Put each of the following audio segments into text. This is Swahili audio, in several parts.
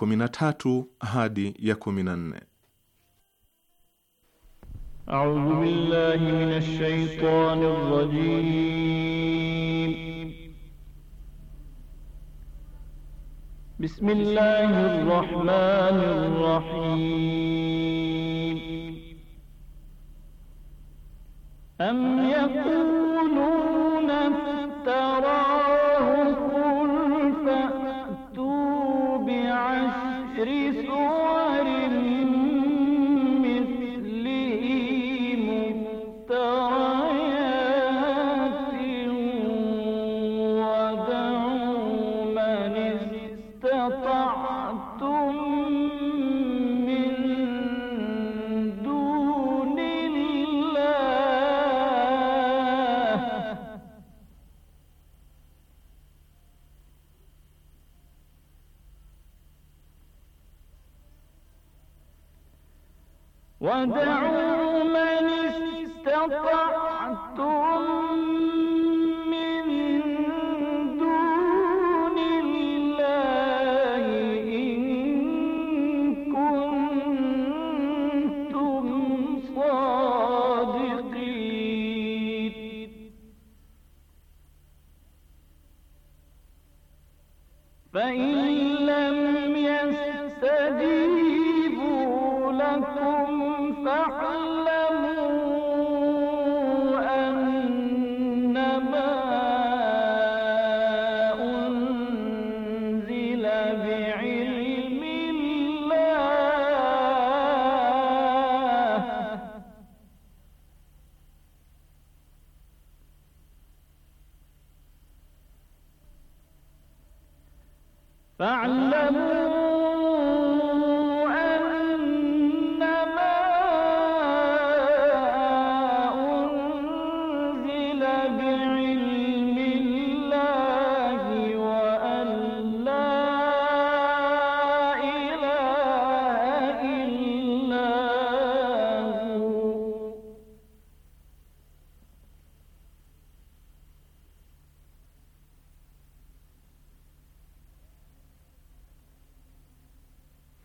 kumi na tatu hadi ya kumi na nne. A'udhu billahi minash shaitani rrajim. Bismillah Cristo.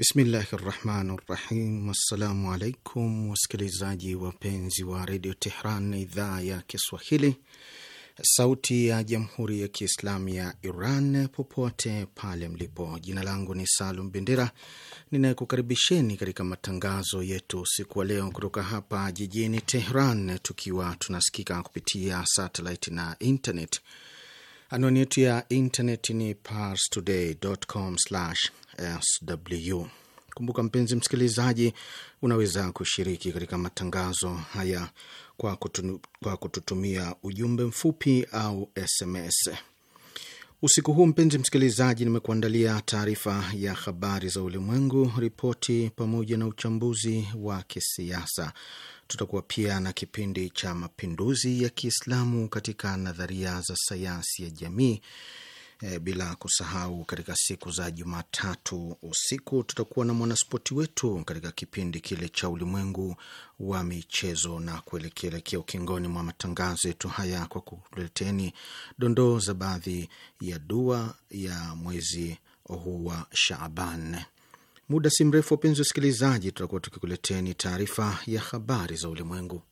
Bismillahi rahmani rahim. Assalamu alaikum wasikilizaji wapenzi wa redio Tehran, idhaa ya Kiswahili, sauti ya jamhuri ya kiislamu ya Iran, popote pale mlipo. Jina langu ni Salum Bendera ninayekukaribisheni katika matangazo yetu siku wa leo kutoka hapa jijini Tehran, tukiwa tunasikika kupitia satelit na internet. Anwani yetu ya intaneti ni parstoday.com/sw. Kumbuka mpenzi msikilizaji, unaweza kushiriki katika matangazo haya kwa, kutu, kwa kututumia ujumbe mfupi au SMS. Usiku huu mpenzi msikilizaji, nimekuandalia taarifa ya habari za ulimwengu, ripoti pamoja na uchambuzi wa kisiasa tutakuwa pia na kipindi cha mapinduzi ya Kiislamu katika nadharia za sayansi ya jamii. E, bila kusahau katika siku za Jumatatu usiku tutakuwa na mwanaspoti wetu katika kipindi kile cha ulimwengu wa michezo, na kuelekeelekea ukingoni mwa matangazo yetu haya kwa kuleteni dondoo za baadhi ya dua ya mwezi huu wa Shaaban. Muda si mrefu, wapenzi usikilizaji tutakuwa tukikuleteni taarifa ya habari za ulimwengu.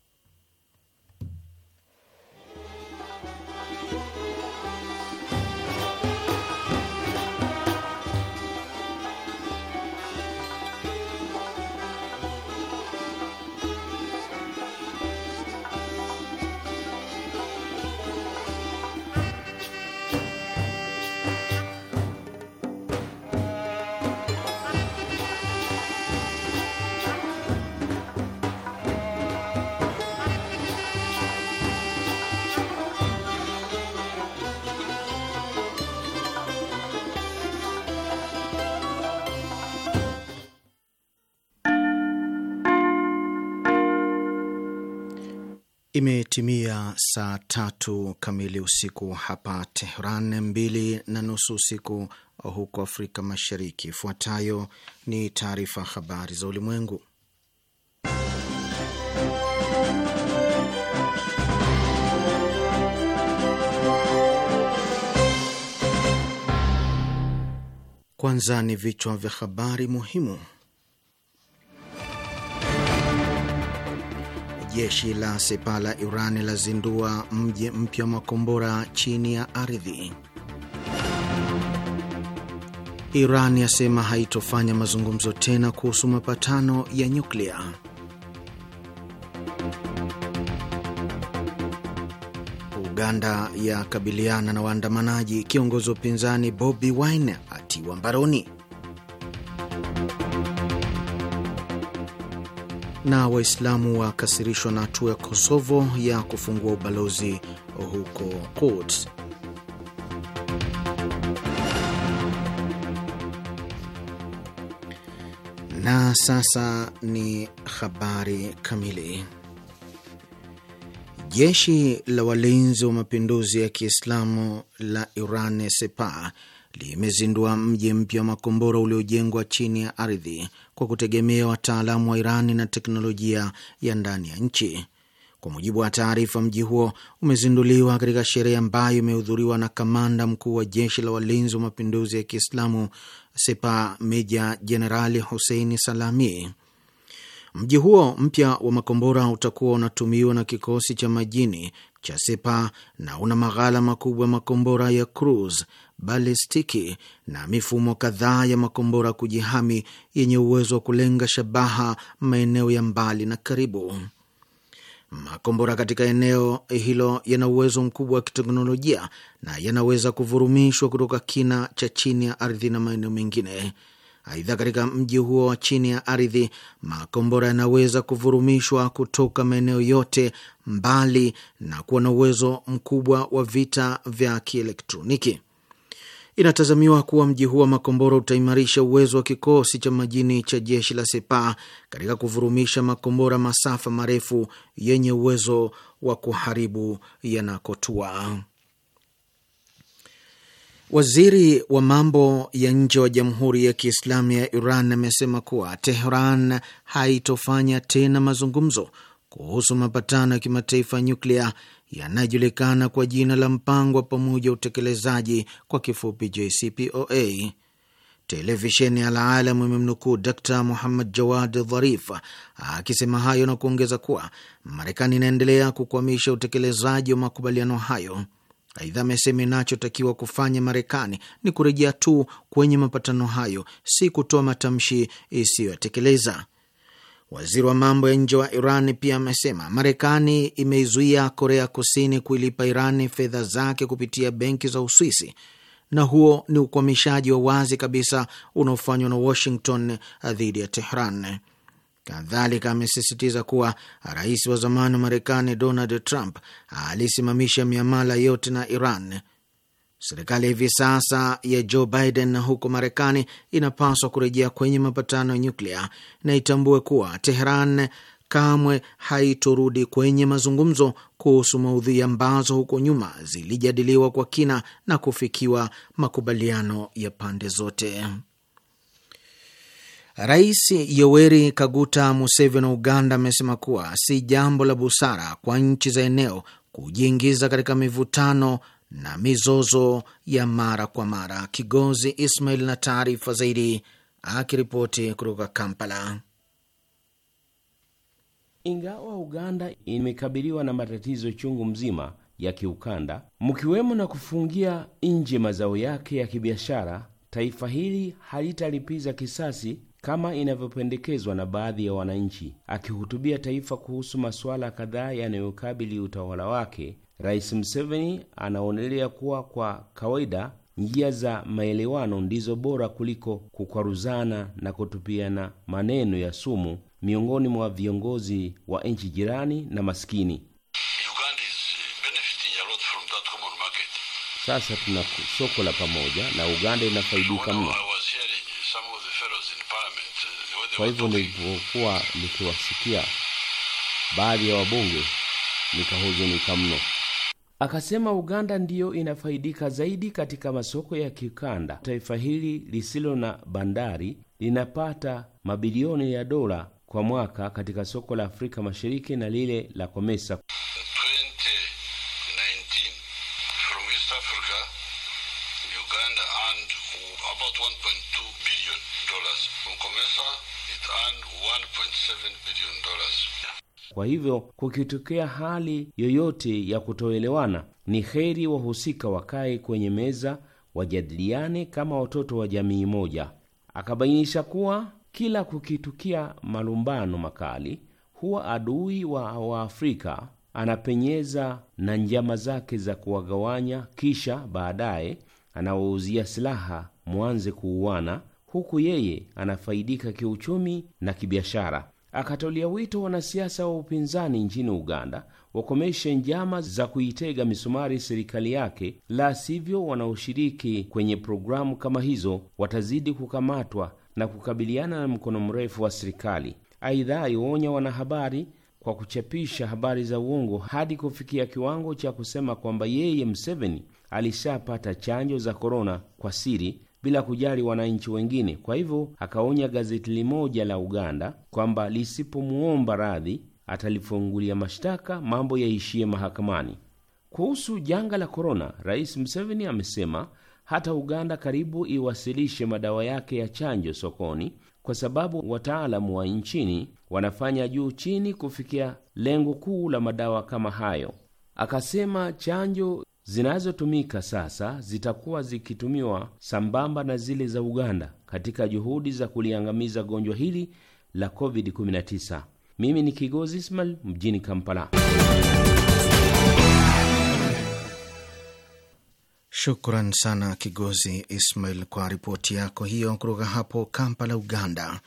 Imetimia saa tatu kamili usiku hapa Tehran, mbili na nusu usiku huko Afrika Mashariki. Ifuatayo ni taarifa habari za ulimwengu, kwanza ni vichwa vya habari muhimu. Jeshi la Sepa la Iran lazindua mji mpya wa makombora chini ya ardhi. Iran yasema haitofanya mazungumzo tena kuhusu mapatano ya nyuklia. Uganda yakabiliana na waandamanaji. Kiongozi wa upinzani Bobi Wine atiwa mbaroni. na Waislamu wakasirishwa na hatua ya Kosovo ya kufungua ubalozi huko Quds. Na sasa ni habari kamili. Jeshi la walinzi wa mapinduzi ya Kiislamu la Iran Sepah limezindua mji mpya wa makombora uliojengwa chini ya ardhi kwa kutegemea wataalamu wa Irani na teknolojia ya ndani ya nchi. Kwa mujibu wa taarifa, mji huo umezinduliwa katika sherehe ambayo imehudhuriwa na kamanda mkuu wa jeshi la walinzi wa mapinduzi ya Kiislamu Sepa, Meja Jenerali Huseini Salami. Mji huo mpya wa makombora utakuwa unatumiwa na kikosi cha majini cha Sepa na una maghala makubwa ya makombora ya cruise balistiki na mifumo kadhaa ya makombora kujihami yenye uwezo wa kulenga shabaha maeneo ya mbali na karibu. Makombora katika eneo hilo yana uwezo mkubwa wa kiteknolojia na yanaweza kuvurumishwa kutoka kina cha chini ya ardhi na maeneo mengine. Aidha, katika mji huo wa chini ya ardhi, makombora yanaweza kuvurumishwa kutoka maeneo yote mbali na kuwa na uwezo mkubwa wa vita vya kielektroniki. Inatazamiwa kuwa mji huu wa makombora utaimarisha uwezo wa kikosi cha majini cha jeshi la Sepa katika kuvurumisha makombora masafa marefu yenye uwezo wa kuharibu yanakotua. Waziri wa mambo ya nje wa Jamhuri ya Kiislamu ya Iran amesema kuwa Tehran haitofanya tena mazungumzo kuhusu mapatano ya kimataifa ya nyuklia yanayojulikana kwa jina la mpango wa pamoja utekelezaji kwa kifupi JCPOA. Televisheni ya Alalam imemnukuu Dkt Muhammad Jawad Dharif akisema hayo na kuongeza kuwa Marekani inaendelea kukwamisha utekelezaji wa makubaliano hayo. Aidha, amesema inachotakiwa kufanya Marekani ni kurejea tu kwenye mapatano hayo, si kutoa matamshi isiyoyatekeleza. Waziri wa mambo ya nje wa Iran pia amesema Marekani imeizuia Korea Kusini kuilipa Iran fedha zake kupitia benki za Uswisi, na huo ni ukwamishaji wa wazi kabisa unaofanywa na Washington dhidi ya Tehran. Kadhalika amesisitiza kuwa rais wa zamani wa Marekani Donald Trump alisimamisha miamala yote na Iran Serikali hivi sasa ya Joe Biden huko Marekani inapaswa kurejea kwenye mapatano ya nyuklia na itambue kuwa Teheran kamwe haitorudi kwenye mazungumzo kuhusu maudhui ambazo huko nyuma zilijadiliwa kwa kina na kufikiwa makubaliano ya pande zote. Rais Yoweri Kaguta Museveni wa Uganda amesema kuwa si jambo la busara kwa nchi za eneo kujiingiza katika mivutano na mizozo ya mara kwa mara. Kigozi Ismail na taarifa zaidi akiripoti kutoka Kampala. Ingawa Uganda imekabiliwa na matatizo chungu mzima ya kiukanda, mkiwemo na kufungia nje mazao yake ya kibiashara, taifa hili halitalipiza kisasi kama inavyopendekezwa na baadhi ya wananchi. Akihutubia taifa kuhusu masuala kadhaa yanayokabili utawala wake, Rais Museveni anaonelea kuwa kwa kawaida njia za maelewano ndizo bora kuliko kukwaruzana na kutupiana maneno ya sumu miongoni mwa viongozi wa nchi jirani na maskini. Sasa tuna soko la pamoja na Uganda inafaidika mno. Uh, kwa hivyo nilivyokuwa nikiwasikia baadhi ya wabunge nikahuzunika mno. Akasema Uganda ndiyo inafaidika zaidi katika masoko ya kikanda. Taifa hili lisilo na bandari linapata mabilioni ya dola kwa mwaka katika soko la Afrika Mashariki na lile la Komesa. Komesa, it earned $1.7 billion. Kwa hivyo kukitokea hali yoyote ya kutoelewana, ni heri wahusika wakae kwenye meza wajadiliane kama watoto wa jamii moja. Akabainisha kuwa kila kukitukia malumbano makali huwa adui wa Waafrika anapenyeza na njama zake za kuwagawanya, kisha baadaye anawauzia silaha mwanze kuuana, huku yeye anafaidika kiuchumi na kibiashara akatolia wito wanasiasa wa upinzani nchini Uganda wakomeshe njama za kuitega misumari serikali yake, la sivyo wanaoshiriki kwenye programu kama hizo watazidi kukamatwa na kukabiliana na mkono mrefu wa serikali. Aidha, aionya wanahabari kwa kuchapisha habari za uongo hadi kufikia kiwango cha kusema kwamba yeye Museveni alishapata chanjo za korona kwa siri bila kujali wananchi wengine. Kwa hivyo akaonya gazeti limoja la Uganda kwamba lisipomwomba radhi atalifungulia mashtaka, mambo yaishie mahakamani. Kuhusu janga la korona, Rais Museveni amesema hata Uganda karibu iwasilishe madawa yake ya chanjo sokoni kwa sababu wataalamu wa nchini wanafanya juu chini kufikia lengo kuu la madawa kama hayo. Akasema chanjo zinazotumika sasa zitakuwa zikitumiwa sambamba na zile za Uganda katika juhudi za kuliangamiza gonjwa hili la COVID-19. Mimi ni Kigozi Ismail mjini Kampala. Shukran sana Kigozi Ismail kwa ripoti yako hiyo kutoka hapo Kampala, Uganda.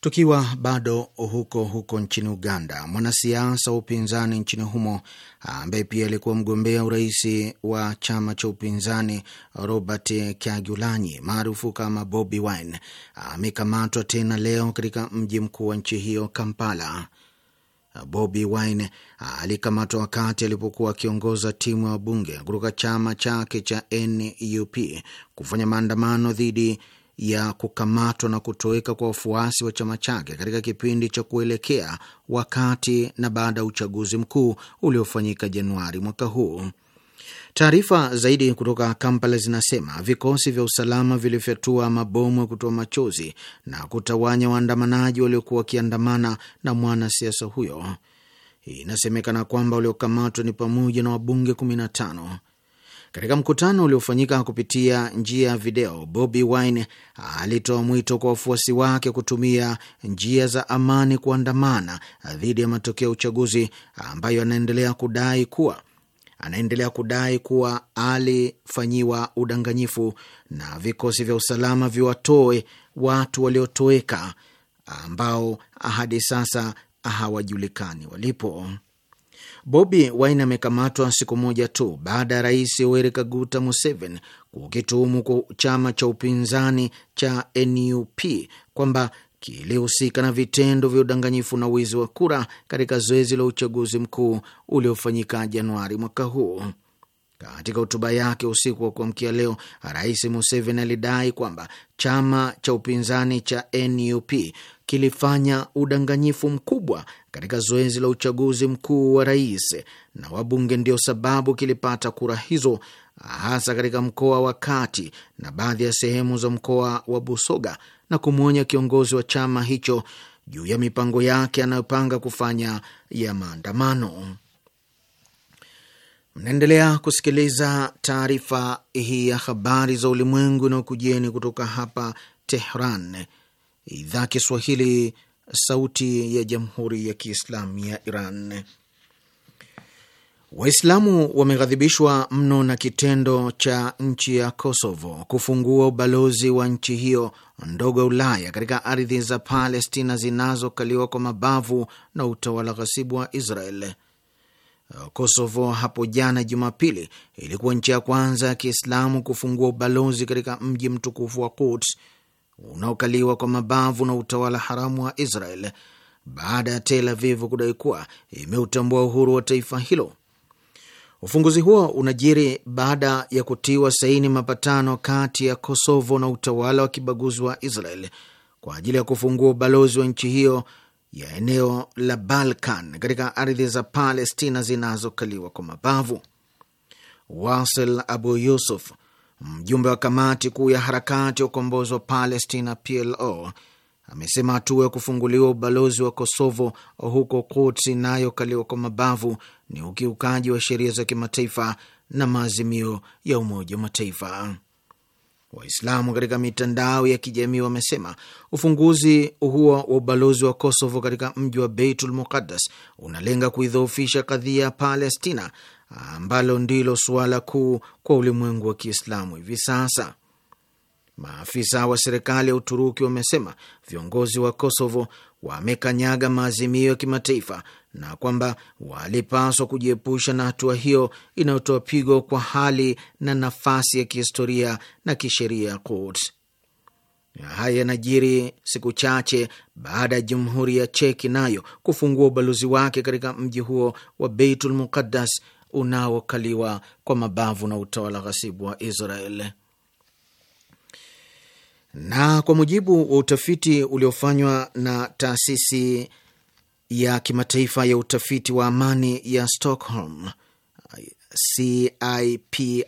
Tukiwa bado huko huko nchini Uganda, mwanasiasa wa upinzani nchini humo ambaye pia alikuwa mgombea urais wa chama cha upinzani Robert Kyagulanyi maarufu kama Bobi Wine amekamatwa tena leo katika mji mkuu wa nchi hiyo Kampala. Bobi Wine alikamatwa wakati alipokuwa akiongoza timu ya wabunge kutoka chama chake cha NUP kufanya maandamano dhidi ya kukamatwa na kutoweka kwa wafuasi wa chama chake katika kipindi cha kuelekea wakati na baada ya uchaguzi mkuu uliofanyika Januari mwaka huu. Taarifa zaidi kutoka Kampala zinasema vikosi vya usalama vilifyatua mabomu ya kutoa machozi na kutawanya waandamanaji waliokuwa wakiandamana na mwanasiasa huyo. Inasemekana kwamba waliokamatwa ni pamoja na wabunge 15. Katika mkutano uliofanyika kupitia njia ya video, Bobi Wine alitoa mwito kwa wafuasi wake kutumia njia za amani kuandamana dhidi ya matokeo ya uchaguzi ambayo anaendelea kudai kuwa anaendelea kudai kuwa alifanyiwa udanganyifu na vikosi vya usalama viwatoe watu waliotoweka ambao hadi sasa hawajulikani walipo. Bobi Wine amekamatwa siku moja tu baada ya rais Yoweri Kaguta Museveni kukituhumu kwa chama cha upinzani cha NUP kwamba kilihusika na vitendo vya udanganyifu na wizi wa kura katika zoezi la uchaguzi mkuu uliofanyika Januari mwaka huu. Katika hotuba yake usiku wa kuamkia leo, rais Museveni alidai kwamba chama cha upinzani cha NUP kilifanya udanganyifu mkubwa katika zoezi la uchaguzi mkuu wa rais na wabunge, ndio sababu kilipata kura hizo, hasa katika mkoa wa Kati na baadhi ya sehemu za mkoa wa Busoga, na kumwonya kiongozi wa chama hicho juu ya mipango yake anayopanga kufanya ya maandamano. Mnaendelea kusikiliza taarifa hii ya habari za ulimwengu inayokujieni kutoka hapa Tehran, idhaa Kiswahili, Sauti ya Jamhuri ya Kiislamu ya Iran. Waislamu wameghadhibishwa mno na kitendo cha nchi ya Kosovo kufungua ubalozi wa nchi hiyo ndogo ya Ulaya katika ardhi za Palestina zinazokaliwa kwa mabavu na utawala ghasibu wa Israel. Kosovo hapo jana Jumapili ilikuwa nchi ya kwanza ya Kiislamu kufungua ubalozi katika mji mtukufu wa Quds unaokaliwa kwa mabavu na utawala haramu wa Israel baada ya Tel Aviv kudai kuwa imeutambua uhuru wa taifa hilo. Ufunguzi huo unajiri baada ya kutiwa saini mapatano kati ya Kosovo na utawala wa kibaguzi wa Israel kwa ajili ya kufungua ubalozi wa nchi hiyo ya eneo la Balkan katika ardhi za Palestina zinazokaliwa kwa mabavu. Wasel Abu Yusuf, Mjumbe wa kamati kuu ya harakati ya ukombozi wa Palestina PLO amesema hatua ya kufunguliwa ubalozi wa Kosovo huko kuts inayokaliwa kwa mabavu ni ukiukaji wa sheria za kimataifa na maazimio ya Umoja wa Mataifa. Waislamu katika mitandao ya kijamii wamesema ufunguzi huo wa ubalozi wa Kosovo katika mji wa Beitul Muqaddas unalenga kuidhoofisha kadhia ya Palestina ambalo ndilo suala kuu kwa ulimwengu wa Kiislamu hivi sasa. Maafisa wa serikali ya Uturuki wamesema viongozi wa Kosovo wamekanyaga maazimio ya kimataifa na kwamba walipaswa kujiepusha na hatua hiyo inayotoa pigo kwa hali na nafasi ya kihistoria na kisheria ya Quds. Haya yanajiri siku chache baada ya Jamhuri ya Cheki nayo kufungua ubalozi wake katika mji huo wa Beitul Muqaddas unaokaliwa kwa mabavu na utawala ghasibu wa Israel. Na kwa mujibu wa utafiti uliofanywa na taasisi ya kimataifa ya utafiti wa amani ya Stockholm CIPRI,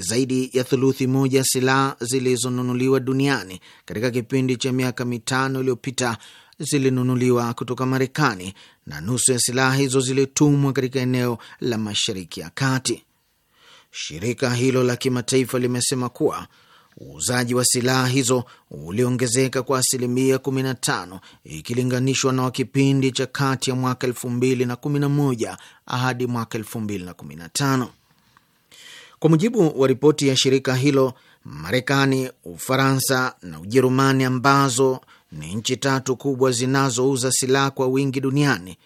zaidi ya thuluthi moja silaha zilizonunuliwa duniani katika kipindi cha miaka mitano iliyopita zilinunuliwa kutoka Marekani na nusu ya silaha hizo zilitumwa katika eneo la Mashariki ya Kati. Shirika hilo la kimataifa limesema kuwa uuzaji wa silaha hizo uliongezeka kwa asilimia 15 ikilinganishwa na kipindi cha kati ya mwaka 2011 hadi mwaka 2015. Kwa mujibu wa ripoti ya shirika hilo, Marekani, Ufaransa na Ujerumani ambazo ni nchi tatu kubwa zinazouza silaha kwa wingi duniani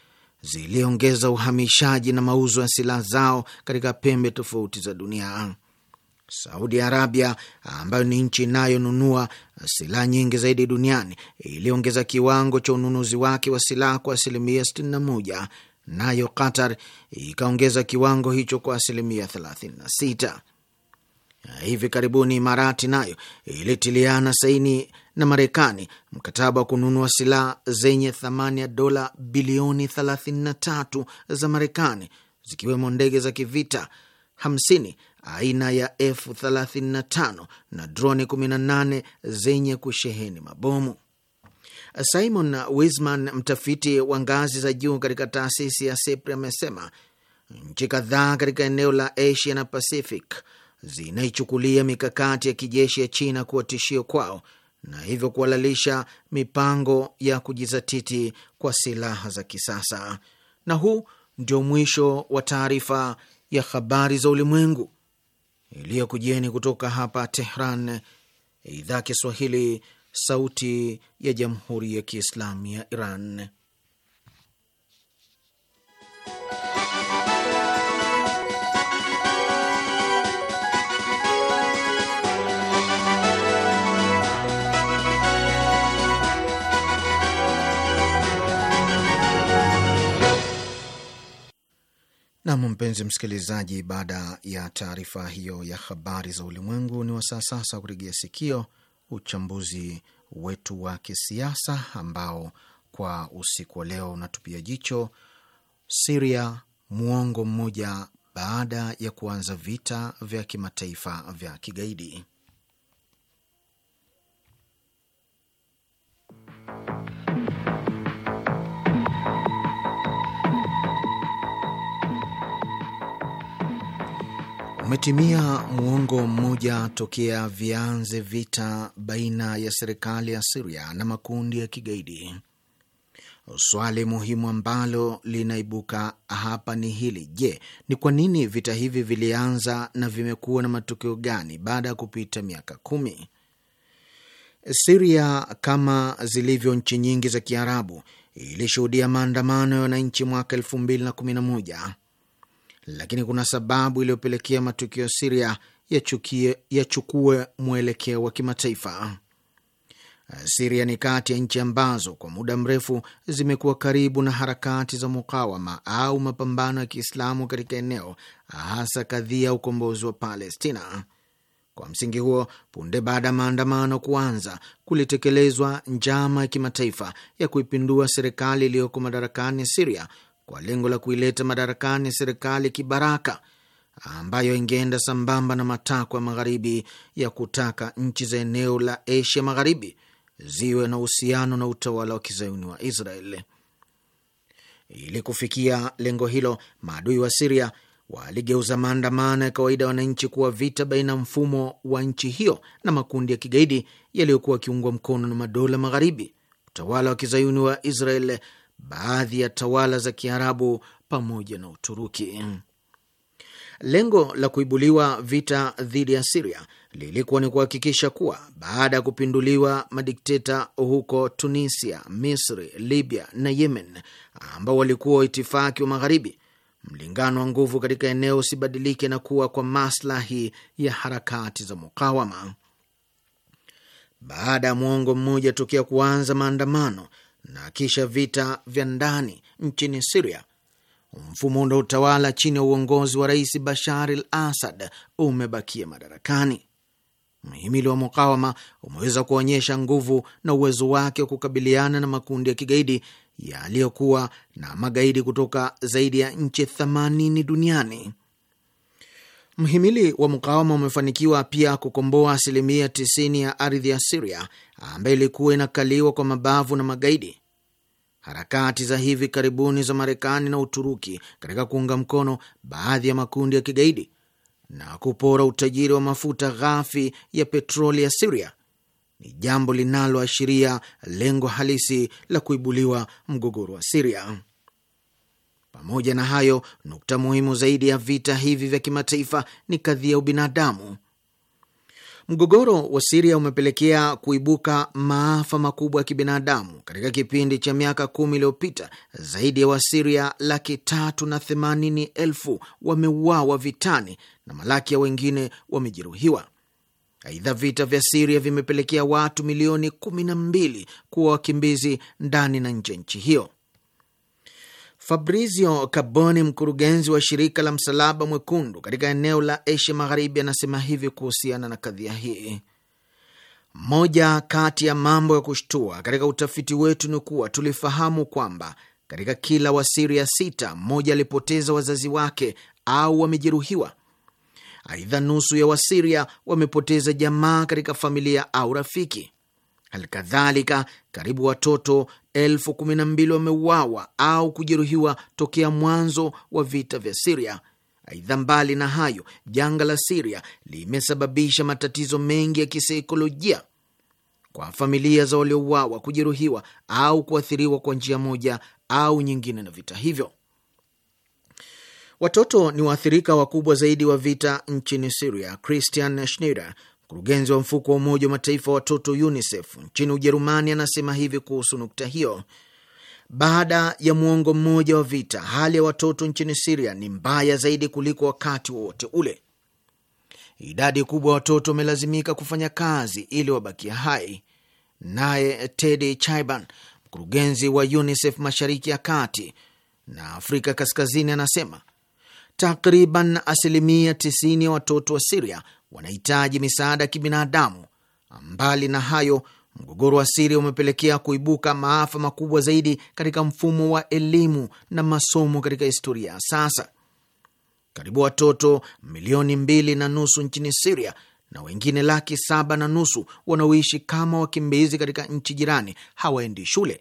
ziliongeza uhamishaji na mauzo ya silaha zao katika pembe tofauti za dunia. Saudi Arabia, ambayo ni nchi inayonunua silaha nyingi zaidi duniani, iliongeza kiwango cha ununuzi wake wa silaha kwa asilimia 61, nayo Qatar ikaongeza kiwango hicho kwa asilimia 36. Hivi karibuni Imarati nayo ilitiliana saini na Marekani mkataba wa kununua silaha zenye thamani ya dola bilioni 33 za Marekani, zikiwemo ndege za kivita 50 aina ya F35 na droni 18 zenye kusheheni mabomu. Simon Wisman, mtafiti wa ngazi za juu katika taasisi ya SIPRI, amesema nchi kadhaa katika eneo la Asia na Pacific zinaichukulia mikakati ya kijeshi ya China kuwa tishio kwao na hivyo kuhalalisha mipango ya kujizatiti kwa silaha za kisasa. Na huu ndio mwisho wa taarifa ya habari za ulimwengu iliyokujieni kutoka hapa Tehran, idhaa Kiswahili, sauti ya jamhuri ya kiislamu ya Iran. Nam, mpenzi msikilizaji, baada ya taarifa hiyo ya habari za ulimwengu, ni wasaa sasa kurejea sikio uchambuzi wetu wa kisiasa ambao kwa usiku wa leo unatupia jicho Siria mwongo mmoja baada ya kuanza vita vya kimataifa vya kigaidi. Umetimia muongo mmoja tokea vianze vita baina ya serikali ya Siria na makundi ya kigaidi. Swali muhimu ambalo linaibuka hapa ni hili: je, ni kwa nini vita hivi vilianza na vimekuwa na matokeo gani baada ya kupita miaka kumi? Siria kama zilivyo nchi nyingi za Kiarabu ilishuhudia maandamano ya wananchi mwaka elfu mbili na kumi na moja lakini kuna sababu iliyopelekea matukio ya Siria yachukue mwelekeo wa kimataifa. Siria ni kati ya nchi ambazo kwa muda mrefu zimekuwa karibu na harakati za mukawama au mapambano ya Kiislamu katika eneo, hasa kadhia ya ukombozi wa Palestina. Kwa msingi huo, punde baada ya maandamano kuanza, kulitekelezwa njama ya kimataifa ya kuipindua serikali iliyoko madarakani ya Siria kwa lengo la kuileta madarakani serikali kibaraka ambayo ingeenda sambamba na matakwa ya magharibi ya kutaka nchi za eneo la Asia magharibi ziwe na uhusiano na utawala wa kizayuni wa Israeli. Ili kufikia lengo hilo, maadui wa Siria waligeuza maandamano ya kawaida ya wananchi kuwa vita baina ya mfumo wa nchi hiyo na makundi ya kigaidi yaliyokuwa yakiungwa mkono na madola magharibi, utawala wa kizayuni wa Israel baadhi ya tawala za Kiarabu pamoja na Uturuki. Lengo la kuibuliwa vita dhidi ya Siria lilikuwa ni kuhakikisha kuwa baada ya kupinduliwa madikteta huko Tunisia, Misri, Libya na Yemen, ambao walikuwa itifaki wa Magharibi, mlingano wa nguvu katika eneo usibadilike na kuwa kwa maslahi ya harakati za mukawama. Baada ya mwongo mmoja tokea kuanza maandamano na kisha vita vya ndani nchini Siria, mfumo unaotawala chini ya uongozi wa Rais Bashar al Assad umebakia madarakani. Mhimili wa mukawama umeweza kuonyesha nguvu na uwezo wake wa kukabiliana na makundi ya kigaidi yaliyokuwa na magaidi kutoka zaidi ya nchi 80 duniani. Mhimili wa mukawama umefanikiwa pia kukomboa asilimia 90 ya ardhi ya Siria ambayo ilikuwa inakaliwa kwa mabavu na magaidi. Harakati za hivi karibuni za Marekani na Uturuki katika kuunga mkono baadhi ya makundi ya kigaidi na kupora utajiri wa mafuta ghafi ya petroli ya Siria ni jambo linaloashiria lengo halisi la kuibuliwa mgogoro wa Siria. Pamoja na hayo, nukta muhimu zaidi ya vita hivi vya kimataifa ni kadhia ya ubinadamu Mgogoro wa Siria umepelekea kuibuka maafa makubwa ya kibinadamu. Katika kipindi cha miaka kumi iliyopita, zaidi ya Wasiria laki tatu na themanini elfu wameuawa vitani na malaki ya wengine wamejeruhiwa. Aidha, vita vya Siria vimepelekea watu milioni kumi na mbili kuwa wakimbizi ndani na nje ya nchi hiyo. Fabrizio Carboni, mkurugenzi wa shirika la Msalaba Mwekundu katika eneo la Asia Magharibi, anasema hivi kuhusiana na kadhia hii: moja kati ya mambo ya kushtua katika utafiti wetu ni kuwa tulifahamu kwamba katika kila Wasiria sita mmoja alipoteza wazazi wake au wamejeruhiwa. Aidha, nusu ya Wasiria wamepoteza jamaa katika familia au rafiki. Halikadhalika, karibu watoto elfu kumi na mbili wameuawa au kujeruhiwa tokea mwanzo wa vita vya Siria. Aidha, mbali na hayo, janga la Siria limesababisha matatizo mengi ya kisaikolojia kwa familia za waliouawa, kujeruhiwa au kuathiriwa kwa njia moja au nyingine na vita hivyo. Watoto ni waathirika wakubwa zaidi wa vita nchini Siria. Christian Schneider, Mkurugenzi wa mfuko wa Umoja wa Mataifa wa watoto UNICEF nchini Ujerumani anasema hivi kuhusu nukta hiyo: baada ya mwongo mmoja wa vita, hali ya watoto nchini Siria ni mbaya zaidi kuliko wakati wowote ule. Idadi kubwa ya watoto wamelazimika kufanya kazi ili wabakia hai. Naye Teddy Chaiban, mkurugenzi wa UNICEF mashariki ya kati na Afrika kaskazini, anasema takriban asilimia 90 ya watoto wa Siria wanahitaji misaada ya kibinadamu. Mbali na hayo, mgogoro wa Siria umepelekea kuibuka maafa makubwa zaidi katika mfumo wa elimu na masomo katika historia ya sasa. Karibu watoto milioni mbili na nusu nchini Siria na wengine laki saba na nusu wanaoishi kama wakimbizi katika nchi jirani hawaendi shule.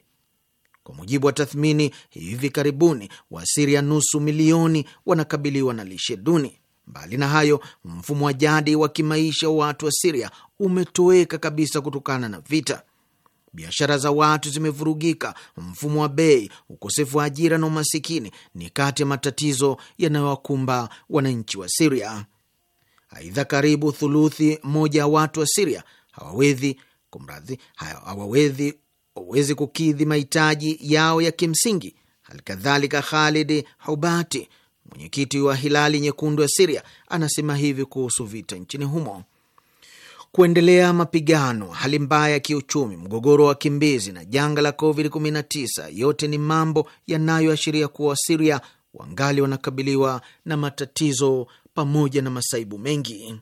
Kwa mujibu wa tathmini hivi karibuni, Wasiria nusu milioni wanakabiliwa na lishe duni. Mbali na hayo, mfumo wa jadi wa kimaisha wa watu wa Siria umetoweka kabisa kutokana na vita. Biashara za watu zimevurugika, mfumo wa bei, ukosefu wa ajira na umasikini ni kati ya matatizo yanayowakumba wananchi wa Siria. Aidha, karibu thuluthi moja ya watu wa Siria hawawezi kumradhi, hawawezi hawawezi kukidhi mahitaji yao ya kimsingi. Halikadhalika, Khalid Hubati, Mwenyekiti wa Hilali Nyekundu ya Siria anasema hivi kuhusu vita nchini humo: kuendelea mapigano, hali mbaya ya kiuchumi, mgogoro wa wakimbizi na janga la COVID-19 yote ni mambo yanayoashiria kuwa Wasiria wangali wanakabiliwa na matatizo pamoja na masaibu mengi.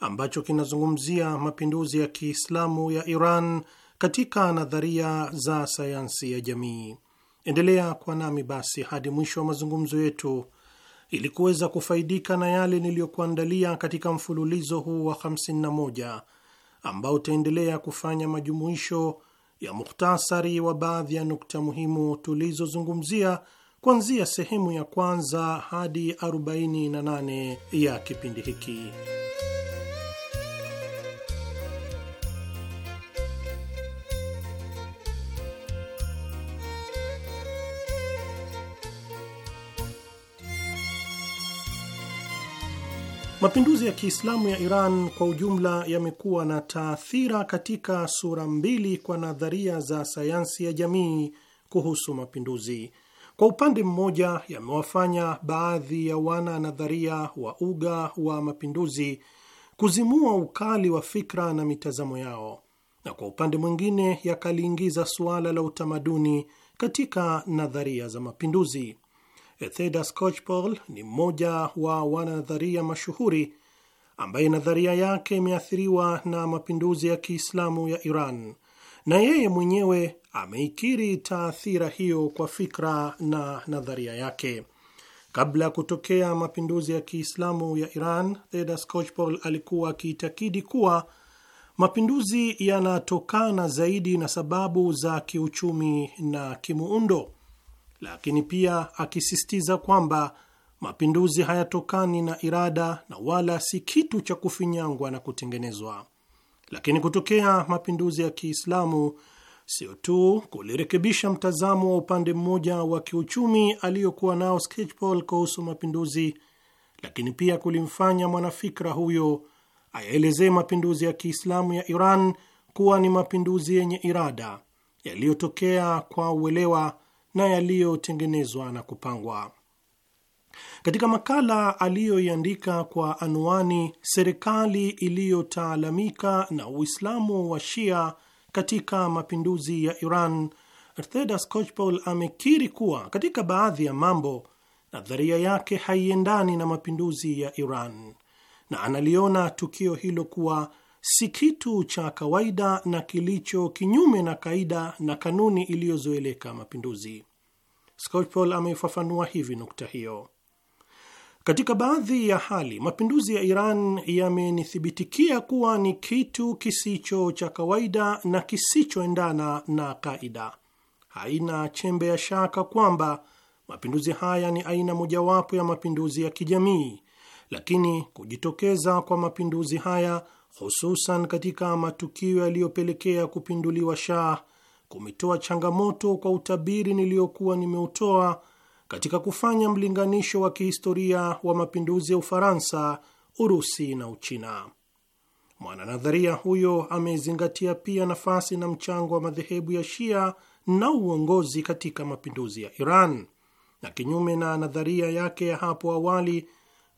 ambacho kinazungumzia mapinduzi ya Kiislamu ya Iran katika nadharia za sayansi ya jamii. Endelea kuwa nami basi hadi mwisho wa mazungumzo yetu ili kuweza kufaidika na yale niliyokuandalia katika mfululizo huu wa 51 ambao utaendelea kufanya majumuisho ya mukhtasari wa baadhi ya nukta muhimu tulizozungumzia kuanzia sehemu ya kwanza hadi 48 ya kipindi hiki. Mapinduzi ya Kiislamu ya Iran kwa ujumla yamekuwa na taathira katika sura mbili kwa nadharia za sayansi ya jamii kuhusu mapinduzi. Kwa upande mmoja, yamewafanya baadhi ya wana nadharia wa uga wa mapinduzi kuzimua ukali wa fikra na mitazamo yao, na kwa upande mwingine, yakaliingiza suala la utamaduni katika nadharia za mapinduzi. Theda Skocpol ni mmoja wa wanadharia mashuhuri ambaye nadharia yake imeathiriwa na mapinduzi ya Kiislamu ya Iran na yeye mwenyewe ameikiri taathira hiyo kwa fikra na nadharia yake. Kabla ya kutokea mapinduzi ya Kiislamu ya Iran, Theda Skocpol alikuwa akiitakidi kuwa mapinduzi yanatokana zaidi na sababu za kiuchumi na kimuundo lakini pia akisisitiza kwamba mapinduzi hayatokani na irada na wala si kitu cha kufinyangwa na kutengenezwa. Lakini kutokea mapinduzi ya Kiislamu sio tu kulirekebisha mtazamo wa upande mmoja wa kiuchumi aliyokuwa nao Sketchpole kuhusu mapinduzi, lakini pia kulimfanya mwanafikra huyo ayaelezee mapinduzi ya Kiislamu ya Iran kuwa ni mapinduzi yenye irada yaliyotokea kwa uelewa na yaliyotengenezwa na kupangwa. Katika makala aliyoiandika kwa anwani serikali iliyotaalamika na Uislamu wa Shia katika mapinduzi ya Iran, Erthedas Kochbal amekiri kuwa katika baadhi ya mambo nadharia yake haiendani na mapinduzi ya Iran na analiona tukio hilo kuwa si kitu cha kawaida na kilicho kinyume na kaida na kanuni iliyozoeleka mapinduzi. Skypol ameifafanua hivi nukta hiyo: katika baadhi ya hali mapinduzi ya Iran yamenithibitikia kuwa ni kitu kisicho cha kawaida na kisichoendana na kaida. Haina chembe ya shaka kwamba mapinduzi haya ni aina mojawapo ya mapinduzi ya kijamii, lakini kujitokeza kwa mapinduzi haya, hususan katika matukio yaliyopelekea kupinduliwa Shah kumetoa changamoto kwa utabiri niliyokuwa nimeutoa katika kufanya mlinganisho wa kihistoria wa mapinduzi ya Ufaransa, Urusi na Uchina. Mwananadharia huyo amezingatia pia nafasi na mchango wa madhehebu ya Shia na uongozi katika mapinduzi ya Iran, na kinyume na nadharia yake ya hapo awali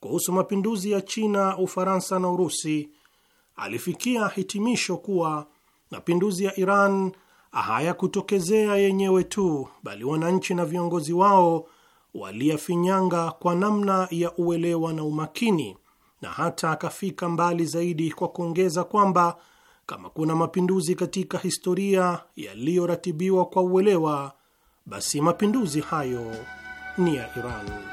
kuhusu mapinduzi ya China, Ufaransa na Urusi, alifikia hitimisho kuwa mapinduzi ya Iran hayakutokezea yenyewe tu, bali wananchi na viongozi wao waliyafinyanga kwa namna ya uelewa na umakini, na hata akafika mbali zaidi kwa kuongeza kwamba kama kuna mapinduzi katika historia yaliyoratibiwa kwa uelewa, basi mapinduzi hayo ni ya Iran.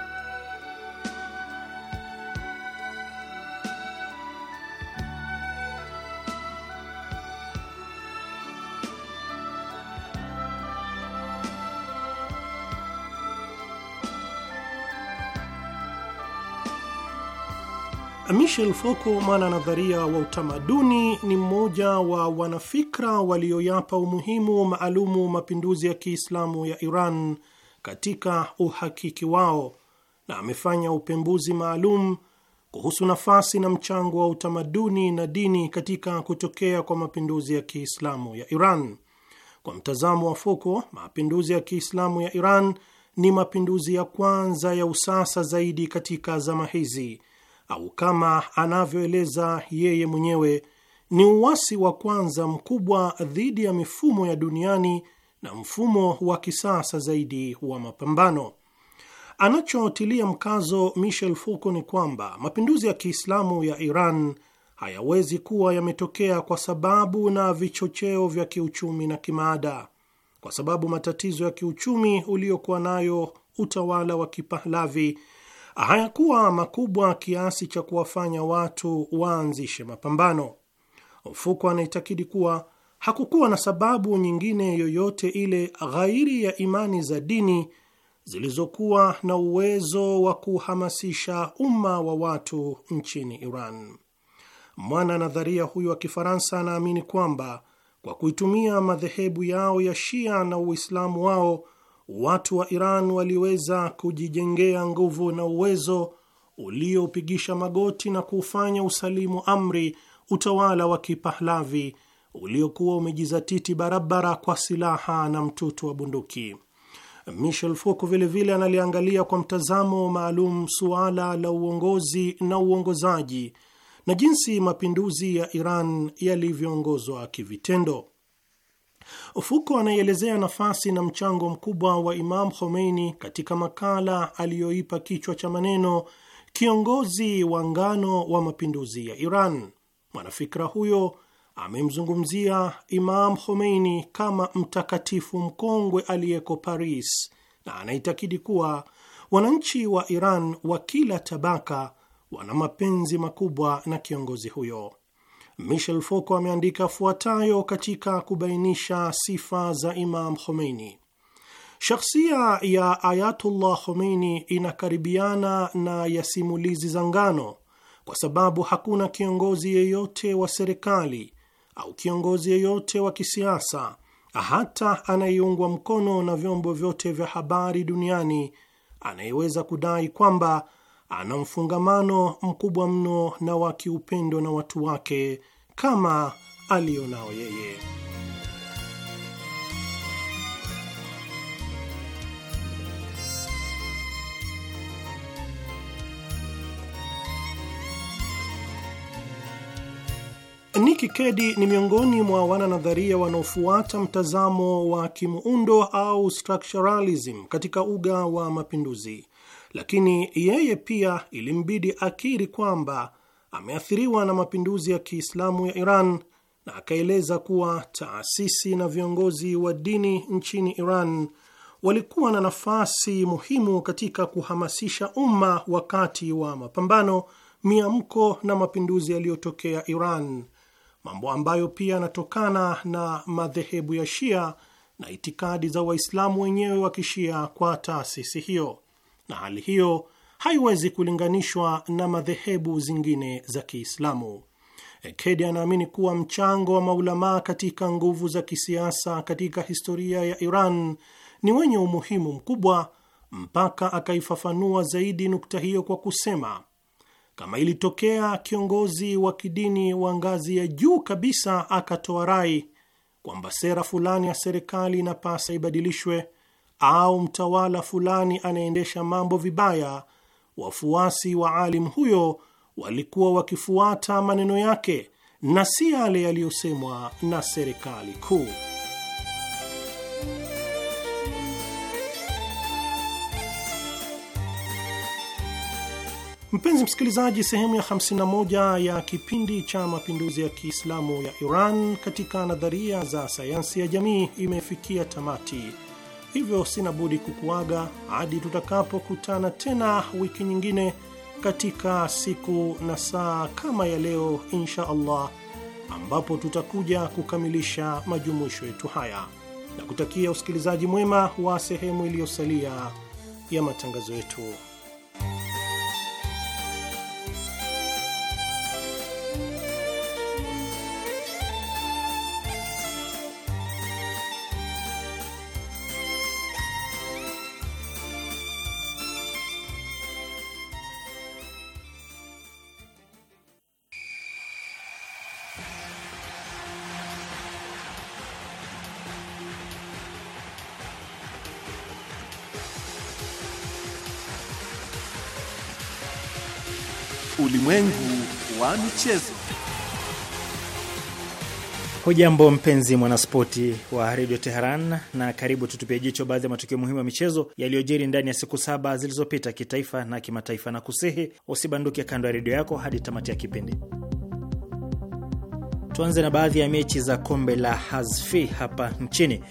Michel Foucault, mwana nadharia wa utamaduni, ni mmoja wa wanafikra walioyapa umuhimu maalumu mapinduzi ya Kiislamu ya Iran katika uhakiki wao na amefanya upembuzi maalum kuhusu nafasi na mchango wa utamaduni na dini katika kutokea kwa mapinduzi ya Kiislamu ya Iran. Kwa mtazamo wa Foucault, mapinduzi ya Kiislamu ya Iran ni mapinduzi ya kwanza ya usasa zaidi katika zama hizi au kama anavyoeleza yeye mwenyewe ni uwasi wa kwanza mkubwa dhidi ya mifumo ya duniani na mfumo wa kisasa zaidi wa mapambano. Anachotilia mkazo Michel Foucault ni kwamba mapinduzi ya Kiislamu ya Iran hayawezi kuwa yametokea kwa sababu na vichocheo vya kiuchumi na kimaada, kwa sababu matatizo ya kiuchumi uliokuwa nayo utawala wa Kipahlavi hayakuwa makubwa kiasi cha kuwafanya watu waanzishe mapambano. Mfuko anaitakidi kuwa hakukuwa na sababu nyingine yoyote ile ghairi ya imani za dini zilizokuwa na uwezo wa kuhamasisha umma wa watu nchini Iran. Mwana nadharia huyo wa Kifaransa anaamini kwamba kwa kuitumia madhehebu yao ya Shia na Uislamu wao watu wa Iran waliweza kujijengea nguvu na uwezo uliopigisha magoti na kuufanya usalimu amri utawala wa Kipahlavi uliokuwa umejizatiti barabara kwa silaha na mtutu wa bunduki. Michel Foucault vilevile analiangalia kwa mtazamo maalum suala la uongozi na uongozaji na jinsi mapinduzi ya Iran yalivyoongozwa kivitendo. Ufuko anaielezea nafasi na mchango mkubwa wa Imam Khomeini katika makala aliyoipa kichwa cha maneno kiongozi wa ngano wa mapinduzi ya Iran. Mwanafikra huyo amemzungumzia Imam Khomeini kama mtakatifu mkongwe aliyeko Paris, na anaitakidi kuwa wananchi wa Iran wa kila tabaka wana mapenzi makubwa na kiongozi huyo. Michel Foucault ameandika fuatayo katika kubainisha sifa za Imam Khomeini: shakhsia ya Ayatullah Khomeini inakaribiana na ya simulizi za ngano, kwa sababu hakuna kiongozi yeyote wa serikali au kiongozi yeyote wa kisiasa, hata anayeungwa mkono na vyombo vyote vya habari duniani, anayeweza kudai kwamba ana mfungamano mkubwa mno na wa kiupendo na watu wake kama nao yeye. Nikki Keddie ni miongoni mwa wananadharia wanaofuata mtazamo wa kimuundo au structuralism katika uga wa mapinduzi lakini yeye pia ilimbidi akiri kwamba ameathiriwa na mapinduzi ya Kiislamu ya Iran na akaeleza kuwa taasisi na viongozi wa dini nchini Iran walikuwa na nafasi muhimu katika kuhamasisha umma wakati wa mapambano, miamko na mapinduzi yaliyotokea Iran, mambo ambayo pia yanatokana na madhehebu ya Shia na itikadi za Waislamu wenyewe wa Kishia kwa taasisi hiyo na hali hiyo haiwezi kulinganishwa na madhehebu zingine za Kiislamu. Ekedi anaamini kuwa mchango wa maulamaa katika nguvu za kisiasa katika historia ya Iran ni wenye umuhimu mkubwa, mpaka akaifafanua zaidi nukta hiyo kwa kusema, kama ilitokea kiongozi wa kidini wa ngazi ya juu kabisa akatoa rai kwamba sera fulani ya serikali inapasa ibadilishwe au mtawala fulani anaendesha mambo vibaya, wafuasi wa alim huyo walikuwa wakifuata maneno yake na si yale yaliyosemwa na serikali kuu. Mpenzi msikilizaji, sehemu ya 51 ya kipindi cha mapinduzi ya Kiislamu ya Iran katika nadharia za sayansi ya jamii imefikia tamati hivyo sina budi kukuaga hadi tutakapokutana tena wiki nyingine katika siku na saa kama ya leo insha Allah, ambapo tutakuja kukamilisha majumuisho yetu haya na kutakia usikilizaji mwema wa sehemu iliyosalia ya matangazo yetu. michezo. Hujambo mpenzi mwanaspoti wa redio Teheran na karibu, tutupia jicho baadhi ya matukio muhimu ya michezo yaliyojiri ndani ya siku saba zilizopita kitaifa na kimataifa, na kusihi usibanduke kando ya redio yako hadi tamati ya kipindi. Tuanze na baadhi ya mechi za kombe la Hazfi hapa nchini.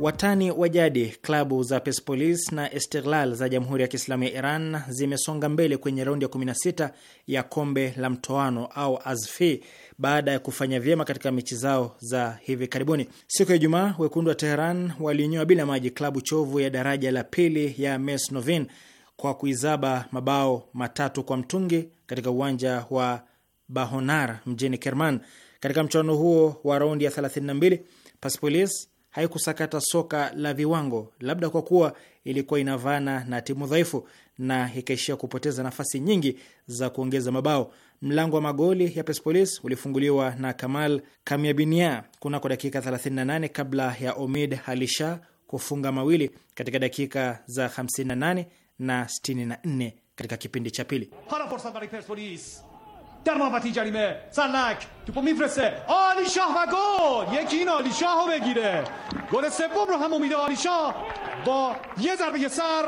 Watani wa jadi klabu za Persepolis na Esteghlal za Jamhuri ya Kiislamu ya Iran zimesonga mbele kwenye raundi ya 16 ya kombe la mtoano au Azfi baada ya kufanya vyema katika mechi zao za hivi karibuni. Siku ya Ijumaa, wekundu wa Teheran walinyoa bila maji klabu chovu ya daraja la pili ya Mesnovin kwa kuizaba mabao matatu kwa mtungi katika uwanja wa Bahonar mjini Kerman. Katika mchuano huo wa raundi ya 32 Persepolis haikusakata soka la viwango, labda kwa kuwa ilikuwa inavana na timu dhaifu na ikaishia kupoteza nafasi nyingi za kuongeza mabao. Mlango wa magoli ya Persepolis ulifunguliwa na Kamal Kamiabinia kunako dakika 38 kabla ya Omid Alisha kufunga mawili katika dakika za 58 na 64 katika kipindi cha pili. در محبت جریمه سلک توپو میفرسته آلی شاه و گل یکی این آلی شاه رو بگیره گل سوم رو هم امید آلی شاه با یه ضربه سر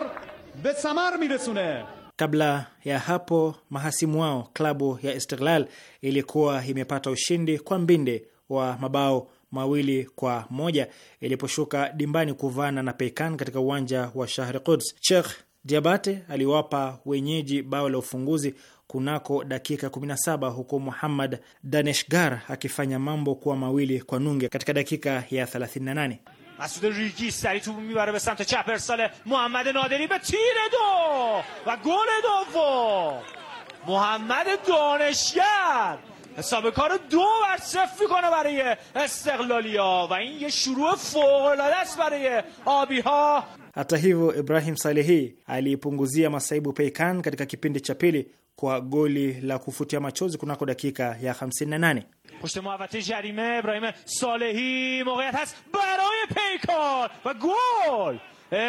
به سمر میرسونه Kabla ya hapo mahasimu wao klabu ya Istiklal ilikuwa imepata ushindi kwa mbinde wa mabao mawili kwa moja iliposhuka dimbani kuvana na Pekan katika uwanja wa Shahri Quds. Sheikh Diabate aliwapa wenyeji bao la ufunguzi kunako dakika 17 huku Muhammad Daneshgar akifanya mambo kuwa mawili kwa nunge katika dakika ya 38. محمد نادری به تیر دو و گل دوم محمد دانشگر حساب کار دو بر صفر میکنه برای استقلالیا و این یه شروع فوق Hata hivyo Ibrahim Salehi aliipunguzia masaibu Peikan katika kipindi cha pili kwa goli la kufutia machozi kunako dakika ya 58. پشت محوطه جریمه ابراهیم صالحی موقعیت هست برای پیکار و گل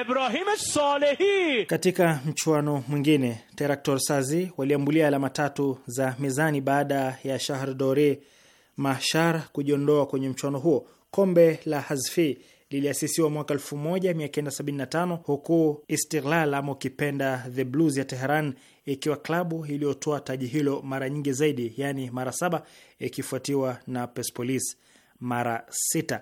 Ibrahim Salehi. Katika mchuano mwingine Teraktor Sazi waliambulia alama tatu za mezani baada ya Shahr Dore mashar kujiondoa kwenye mchuano huo. Kombe la Hazfi liliasisiwa mwaka 1975 huku Istiklal ama ukipenda The Blues ya Teheran ikiwa klabu iliyotoa taji hilo mara nyingi zaidi, yaani mara saba, ikifuatiwa na Persepolis mara sita.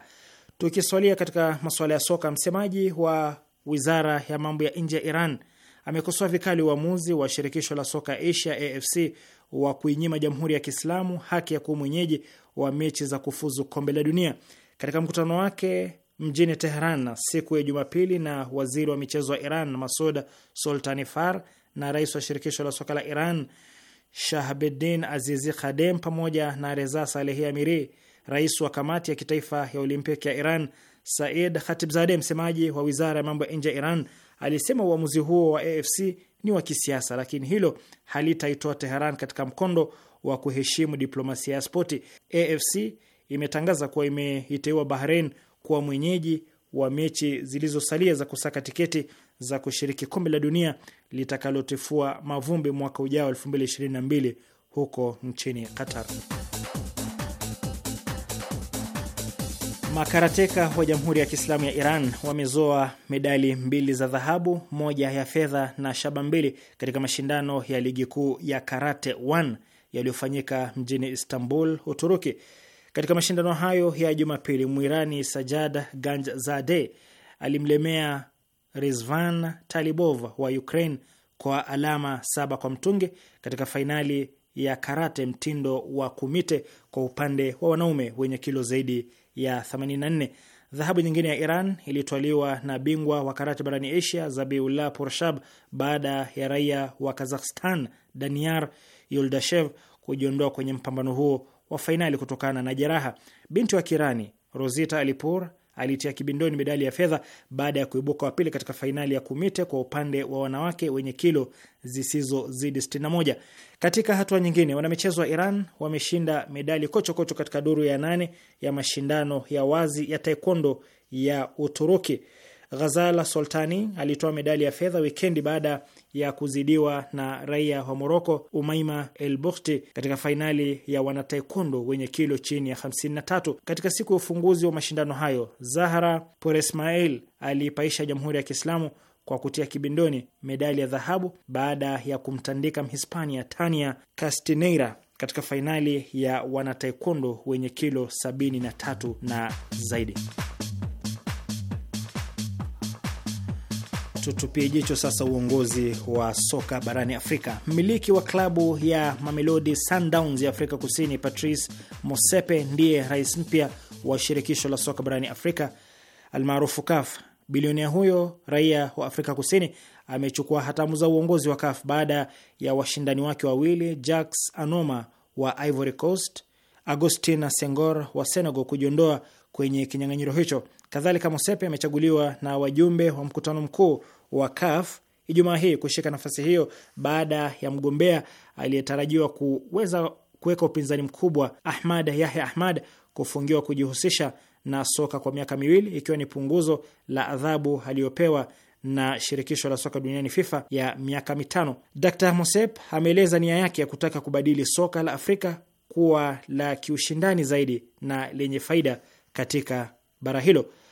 Tukiswalia katika masuala ya soka, msemaji wa wizara ya mambo ya nje ya Iran amekosoa vikali uamuzi wa shirikisho la soka Asia AFC wa kuinyima Jamhuri ya Kiislamu haki ya kuwa mwenyeji wa mechi za kufuzu kombe la dunia. Katika mkutano wake mjini Teheran siku ya Jumapili na waziri wa michezo wa Iran Masud Soltanifar na rais wa shirikisho la soka la Iran Shahbedin Azizi Khadem pamoja na Reza Salehi Amiri, rais wa kamati ya kitaifa ya Olimpiki ya Iran Said Khatibzade, msemaji wa wizara ya mambo ya nje ya Iran, alisema uamuzi huo wa AFC ni wa kisiasa, lakini hilo halitaitoa Teheran katika mkondo wa kuheshimu diplomasia ya spoti. AFC imetangaza kuwa imeiteua Bahrain kuwa mwenyeji wa mechi zilizosalia za kusaka tiketi za kushiriki kombe la dunia litakalotifua mavumbi mwaka ujao 2022 huko nchini Qatar. Makarateka wa Jamhuri ya Kiislamu ya Iran wamezoa medali mbili za dhahabu, moja ya fedha na shaba mbili katika mashindano ya ligi kuu ya Karate 1 yaliyofanyika mjini Istanbul, Uturuki. Katika mashindano hayo ya Jumapili, Mwirani Sajada Ganjzade alimlemea Rizvan Talibov wa Ukraine kwa alama saba kwa mtunge katika fainali ya karate mtindo wa kumite kwa upande wa wanaume wenye kilo zaidi ya 84. Dhahabu nyingine ya Iran ilitwaliwa na bingwa wa karate barani Asia Zabiullah Porshab baada ya raia wa Kazakhstan Daniar Yoldashev kujiondoa kwenye mpambano huo wa fainali kutokana na jeraha. Binti wa Kirani Rosita Alipur alitia kibindoni medali ya fedha baada ya kuibuka wa pili katika fainali ya kumite kwa upande wa wanawake wenye kilo zisizozidi 61. Katika hatua nyingine, wanamichezo wa Iran wameshinda medali kochokocho kocho katika duru ya nane ya mashindano ya wazi ya taekwondo ya Uturuki. Ghazala Soltani alitoa medali ya fedha wikendi baada ya kuzidiwa na raia wa Moroko Umaima El Bukhti katika fainali ya wanataekwondo wenye kilo chini ya 53. Katika siku ya ufunguzi wa mashindano hayo, Zahra Poresmail aliipaisha Jamhuri ya Kiislamu kwa kutia kibindoni medali ya dhahabu baada ya kumtandika Mhispania Tania Castineira katika fainali ya wanataekwondo wenye kilo 73 na zaidi. tutupie jicho sasa uongozi wa soka barani Afrika. Mmiliki wa klabu ya Mamelodi Sundowns ya Afrika Kusini, Patrice Mosepe ndiye rais mpya wa shirikisho la soka barani Afrika almaarufu CAF. Bilionea huyo raia wa Afrika Kusini amechukua hatamu za uongozi wa CAF baada ya washindani wake wawili Jacques Anoma wa Ivory Coast, Agostin Senghor wa Senegal kujiondoa kwenye kinyang'anyiro hicho. Kadhalika, Mosepe amechaguliwa na wajumbe wa mkutano mkuu wa CAF Ijumaa hii kushika nafasi hiyo baada ya mgombea aliyetarajiwa kuweza kuweka upinzani mkubwa Ahmad Yahya Ahmad kufungiwa kujihusisha na soka kwa miaka miwili ikiwa ni punguzo la adhabu aliyopewa na shirikisho la soka duniani FIFA ya miaka mitano. Dr Mosep ameeleza nia yake ya kutaka kubadili soka la Afrika kuwa la kiushindani zaidi na lenye faida katika bara hilo.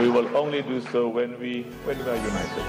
We will only do so when we, when we are united.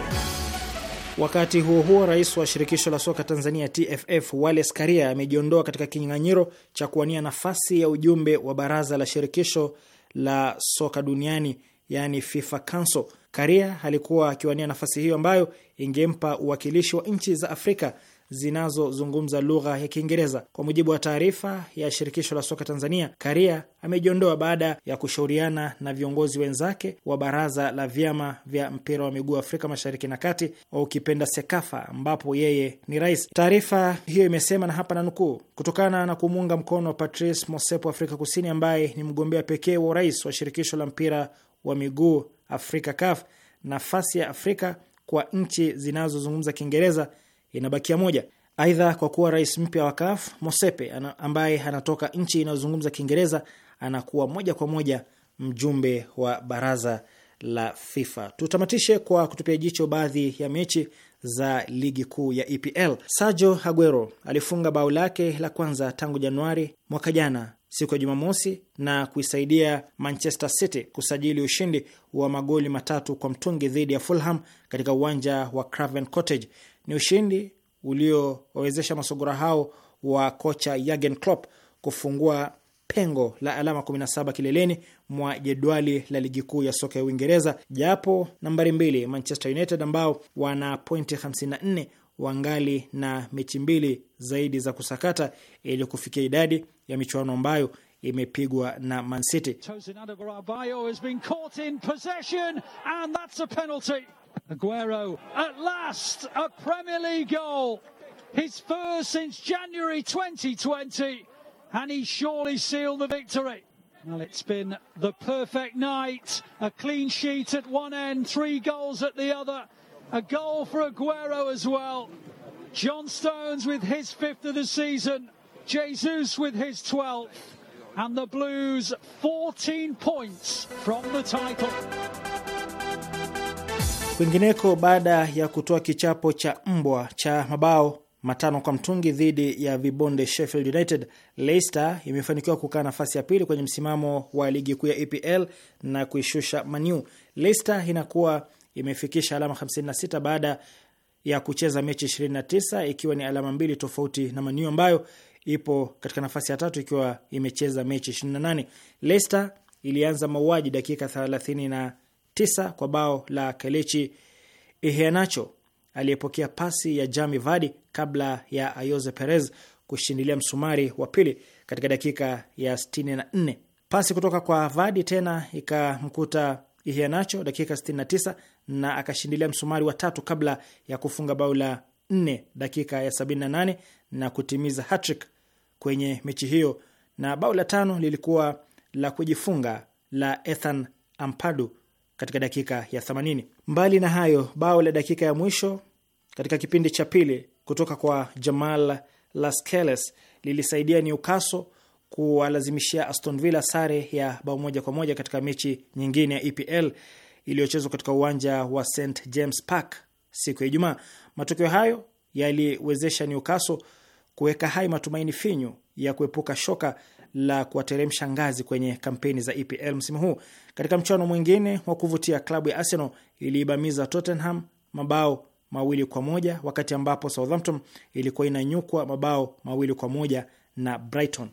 Wakati huo huo, rais wa shirikisho la soka Tanzania TFF Wallace Karia amejiondoa katika kinyang'anyiro cha kuwania nafasi ya ujumbe wa baraza la shirikisho la soka duniani yaani FIFA Council. Karia alikuwa akiwania nafasi hiyo ambayo ingempa uwakilishi wa nchi za Afrika zinazozungumza lugha ya Kiingereza. Kwa mujibu wa taarifa ya shirikisho la soka Tanzania, Karia amejiondoa baada ya kushauriana na viongozi wenzake wa baraza la vyama vya mpira wa miguu Afrika Mashariki na Kati, au ukipenda SEKAFA, ambapo yeye ni rais. Taarifa hiyo imesema, na hapa nanukuu, kutokana na kumuunga mkono Patrice Mosepo Afrika Kusini, ambaye ni mgombea pekee wa urais wa shirikisho la mpira wa miguu Afrika CAF, nafasi ya Afrika kwa nchi zinazozungumza Kiingereza inabakia moja. Aidha, kwa kuwa rais mpya wa CAF Mosepe ambaye anatoka nchi inayozungumza Kiingereza anakuwa moja kwa moja mjumbe wa baraza la FIFA. Tutamatishe kwa kutupia jicho baadhi ya mechi za ligi kuu ya EPL. Sergio Aguero alifunga bao lake la kwanza tangu Januari mwaka jana siku ya Jumamosi na kuisaidia Manchester City kusajili ushindi wa magoli matatu kwa mtungi dhidi ya Fulham katika uwanja wa Craven Cottage. Ni ushindi uliowezesha masogora hao wa kocha Jurgen Klopp kufungua pengo la alama 17 kileleni mwa jedwali la ligi kuu ya soka ya Uingereza, japo nambari mbili Manchester United ambao wana pointi 54 wangali na mechi mbili zaidi za kusakata ili kufikia idadi ya michuano ambayo imepigwa na Man City. Aguero at last a Premier League goal. His first since January 2020 and he surely sealed the victory. Well, it's been the perfect night. A clean sheet at one end, three goals at the other. A goal for Aguero as well. John Stones with his fifth of the season. Jesus with his 12th. And the Blues 14 points from the title. Kwingineko, baada ya kutoa kichapo cha mbwa cha mabao matano kwa mtungi dhidi ya vibonde Sheffield United, Leicester imefanikiwa kukaa nafasi ya pili kwenye msimamo wa ligi kuu ya EPL na kuishusha manu Leicester inakuwa imefikisha alama 56 baada ya kucheza mechi 29 ikiwa ni alama mbili tofauti na Manu ambayo ipo katika nafasi ya tatu ikiwa imecheza mechi 28. Leicester ilianza mauaji dakika 30 na tisa kwa bao la Kelechi Iheanacho aliyepokea pasi ya Jami vadi kabla ya Ayoze Perez kushindilia msumari wa pili katika dakika ya 64. Pasi kutoka kwa vadi tena ikamkuta Iheanacho dakika 69 na akashindilia msumari wa tatu kabla ya kufunga bao la 4 dakika ya 78 na kutimiza hatrick kwenye mechi hiyo, na bao la tano lilikuwa la kujifunga la Ethan Ampadu katika dakika ya 80. Mbali na hayo, bao la dakika ya mwisho katika kipindi cha pili kutoka kwa Jamal Lascelles lilisaidia Newcastle kuwalazimishia Aston Villa sare ya bao moja kwa moja katika mechi nyingine ya EPL iliyochezwa katika uwanja wa St James Park siku ya Ijumaa. Matokeo hayo yaliwezesha Newcastle kuweka hai matumaini finyu ya kuepuka shoka la kuwateremsha ngazi kwenye kampeni za EPL msimu huu. Katika mchuano mwingine wa kuvutia, klabu ya Arsenal iliibamiza Tottenham mabao mawili kwa moja wakati ambapo Southampton ilikuwa inanyukwa mabao mawili kwa moja na Brighton.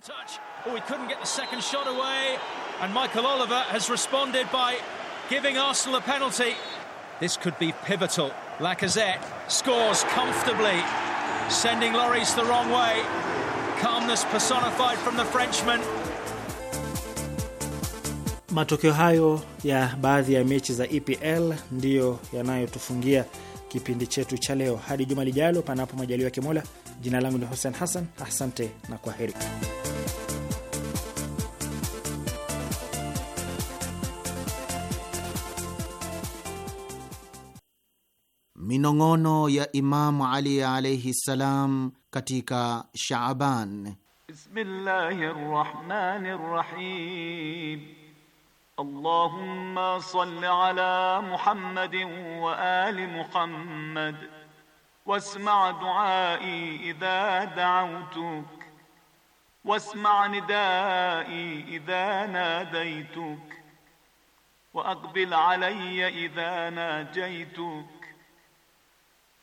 Oh, Lacazette scores comfortably, sending Loris the wrong way calmness personified from the Frenchman. Matokeo hayo ya baadhi ya mechi za EPL ndiyo yanayotufungia kipindi chetu cha leo. Hadi juma lijalo, panapo majaliwa Kimola. Jina langu ni Hussein Hassan, asante na kwaheri. minong'ono ya Imamu Ali alaihi ssalam katika Shaaban. Bismillahi rahmani rahim. Allahumma salli ala Muhammadin wa ali Muhammad wasma duai idha dautuk wasma nidai idha nadaituk wa aqbil alayya idha najaituk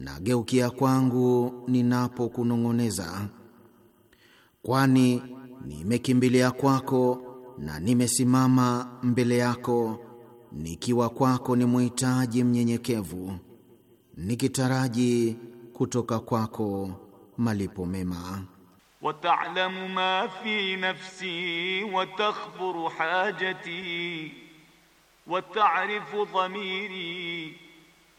nageukia kwangu ninapokunong'oneza, kwani nimekimbilia kwako na nimesimama mbele yako nikiwa kwako ni mwhitaji mnyenyekevu, nikitaraji kutoka kwako malipo mema. wataalamu ma fi nafsi wa takhburu hajati wa ta'rifu dhamiri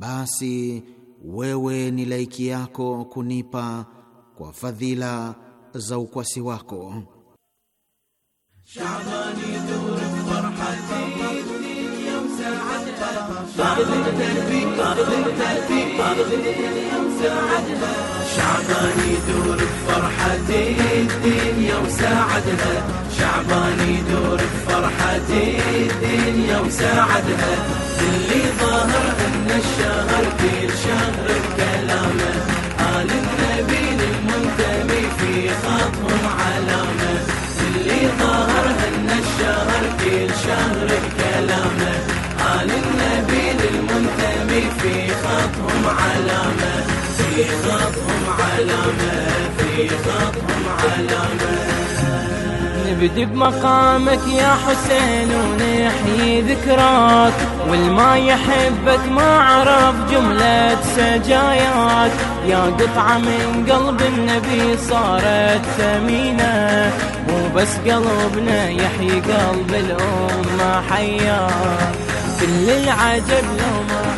basi wewe ni laiki yako kunipa kwa fadhila za ukwasi wako. شعبان يدور بفرحتي الدنيا وساعدها شعبان يدور بفرحتي الدنيا وساعدها اللي ظهر ان الشهر في شهر كلامه آل النبي للمنتمي في خطهم علامه اللي ظهر ان الشهر في شهر كلامه آل النبي للمنتمي في خطهم علامه في خطهم علامه في خطهم علامه نبدي بمقامك يا حسين ونحيي ذكراك والما يحبك ما عرف جملة سجاياك يا قطعة من قلب النبي صارت ثمينة مو بس قلبنا يحيي قلب الأمة حياك كل العجب لو ما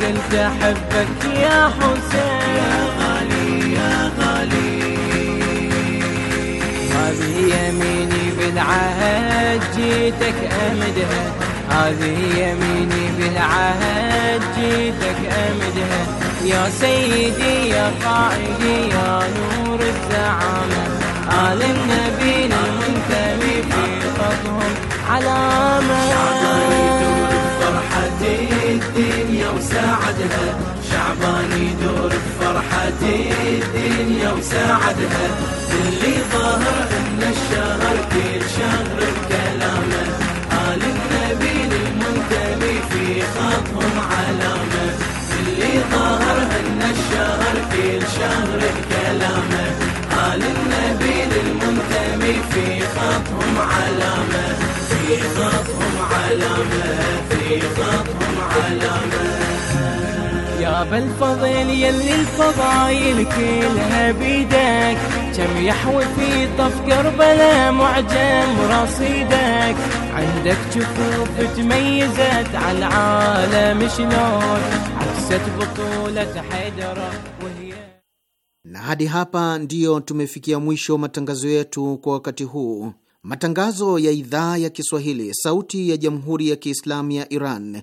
قلت أحبك يا حسين هذه يميني بالعهد جيتك أمدها هذه يميني بالعهد جيتك أمدها يا سيدي يا قائدي يا نور الزعامة آل النبي المنتمي في خطهم علامة الدنيا وساعدها رمضان يدور بفرحة الدنيا وساعدها اللي ظاهر ان الشهر كل شهر بكلامه آل النبي المنتمي في خطهم علامة اللي ظاهر ان الشهر كل شهر بكلامه آل النبي المنتمي في خطهم علامة في خطهم علامة في خطهم علامة يا بالفضل يلي الفضايل كلها بيدك كم يحوي في طف كربلا معجم رصيدك عندك شكوف تميزت على العالم شلون عكست بطولة حيدرة وهي na hadi hapa ndiyo tumefikia mwisho matangazo yetu kwa wakati huu. Matangazo ya idhaa ya Kiswahili, sauti ya jamhuri ya kiislamu ya Iran